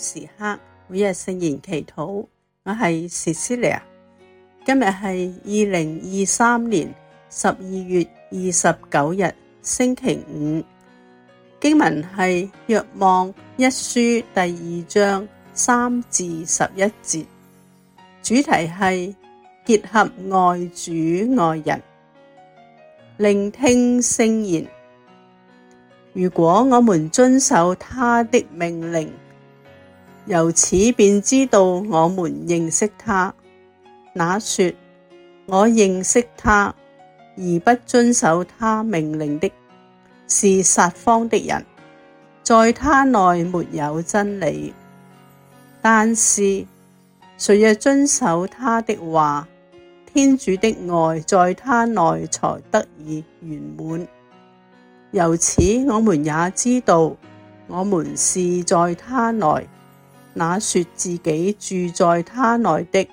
時刻每日聖言祈禱。我係 Sisilia，今日係二零二三年十二月二十九日星期五。經文係《若望一書》第二章三至十一節，主題係結合愛主愛人。聆聽聖言。如果我們遵守他的命令。由此便知道我們認識他。那說我認識他，而不遵守他命令的，是撒謊的人，在他內沒有真理。但是，誰若遵守他的話，天主的愛在他內才得以圓滿。由此我們也知道，我們是在他內。那說自己住在他內的，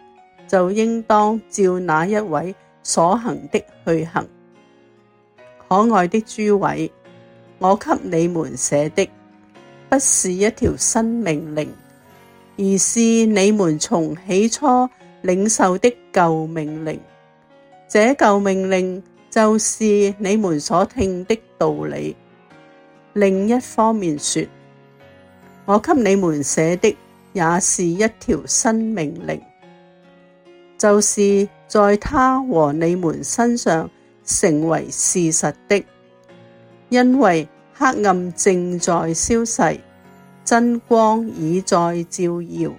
就應當照那一位所行的去行。可愛的諸位，我給你們寫的不是一條新命令，而是你們從起初領受的舊命令。這舊命令就是你們所聽的道理。另一方面說，我給你們寫的。也是一條新命令，就是在他和你們身上成為事實的，因為黑暗正在消逝，真光已在照耀。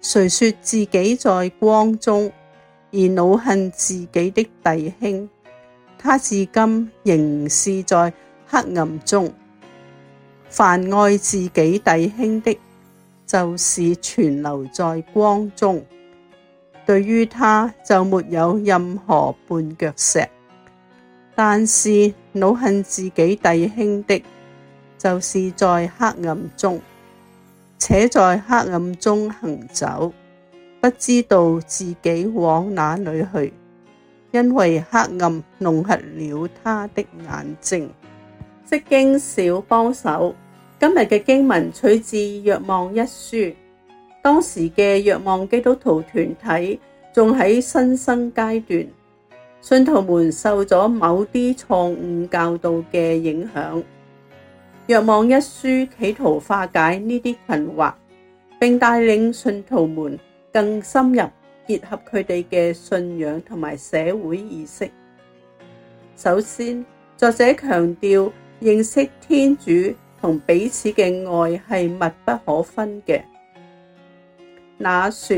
誰說自己在光中而惱恨自己的弟兄，他至今仍是在黑暗中。凡愛自己弟兄的，就是存留在光中，對於他就沒有任何絆腳石。但是惱恨自己弟兄的，就是在黑暗中，且在黑暗中行走，不知道自己往哪裏去，因為黑暗弄瞎了他的眼睛。釋經小幫手。今日嘅經文取自《若望一書》，當時嘅若望基督徒團體仲喺新生階段，信徒們受咗某啲錯誤教導嘅影響。若望一書企圖化解呢啲困惑，並帶領信徒們更深入結合佢哋嘅信仰同埋社會意識。首先，作者強調認識天主。同彼此嘅愛係密不可分嘅。那說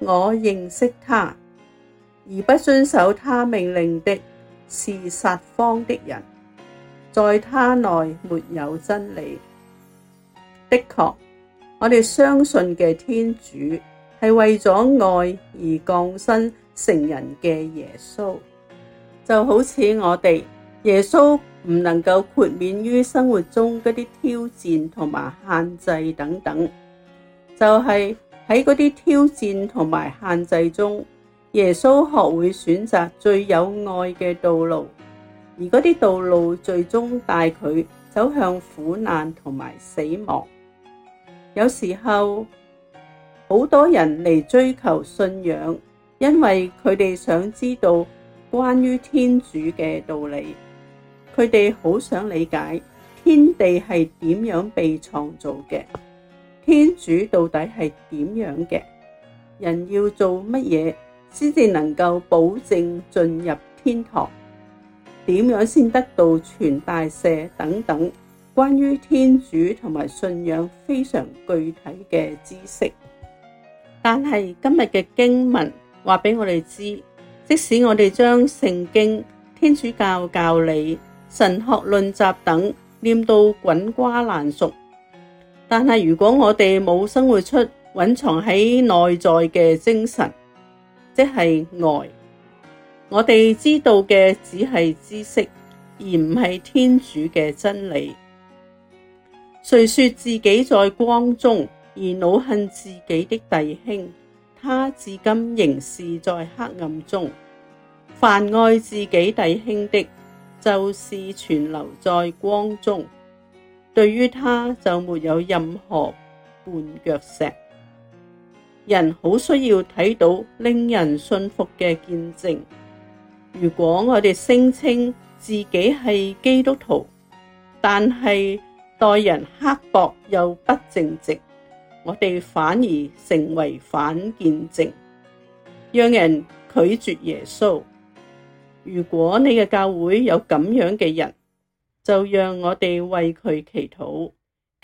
我認識他，而不遵守他命令的，是撒謊的人，在他內沒有真理。的確，我哋相信嘅天主係為咗愛而降生成人嘅耶穌，就好似我哋。耶穌唔能夠豁免於生活中嗰啲挑戰同埋限制等等，就係喺嗰啲挑戰同埋限制中，耶穌學會選擇最有愛嘅道路，而嗰啲道路最終帶佢走向苦難同埋死亡。有時候，好多人嚟追求信仰，因為佢哋想知道關於天主嘅道理。佢哋好想理解天地係點樣被創造嘅，天主到底係點樣嘅，人要做乜嘢先至能夠保證進入天堂？點樣先得到全大赦等等，關於天主同埋信仰非常具體嘅知識，但係今日嘅經文話俾我哋知，即使我哋將聖經、天主教教理。神學論集等念到滾瓜爛熟，但係如果我哋冇生活出蘊藏喺內在嘅精神，即係愛，我哋知道嘅只係知識，而唔係天主嘅真理。誰說自己在光中而惱恨自己的弟兄？他至今仍是在黑暗中。凡愛自己弟兄的。就是存留在光中，對於他就沒有任何絆腳石。人好需要睇到令人信服嘅見證。如果我哋聲稱自己係基督徒，但係待人刻薄又不正直，我哋反而成為反見證，讓人拒絕耶穌。如果你嘅教會有咁樣嘅人，就讓我哋為佢祈禱，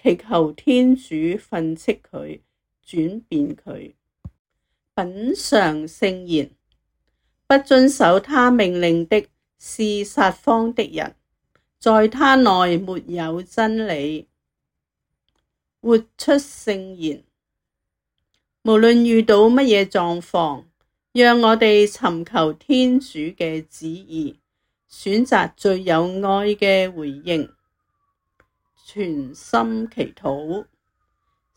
祈求天主訓斥佢，轉變佢。品嚐聖言，不遵守他命令的，是撒謊的人，在他內沒有真理。活出聖言，無論遇到乜嘢狀況。讓我哋尋求天主嘅旨意，選擇最有愛嘅回應，全心祈禱。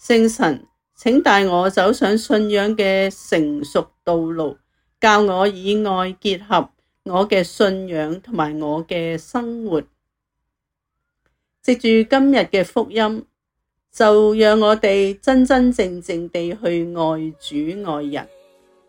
聖神，請帶我走上信仰嘅成熟道路，教我以愛結合我嘅信仰同埋我嘅生活。藉住今日嘅福音，就讓我哋真真正正地去愛主愛人。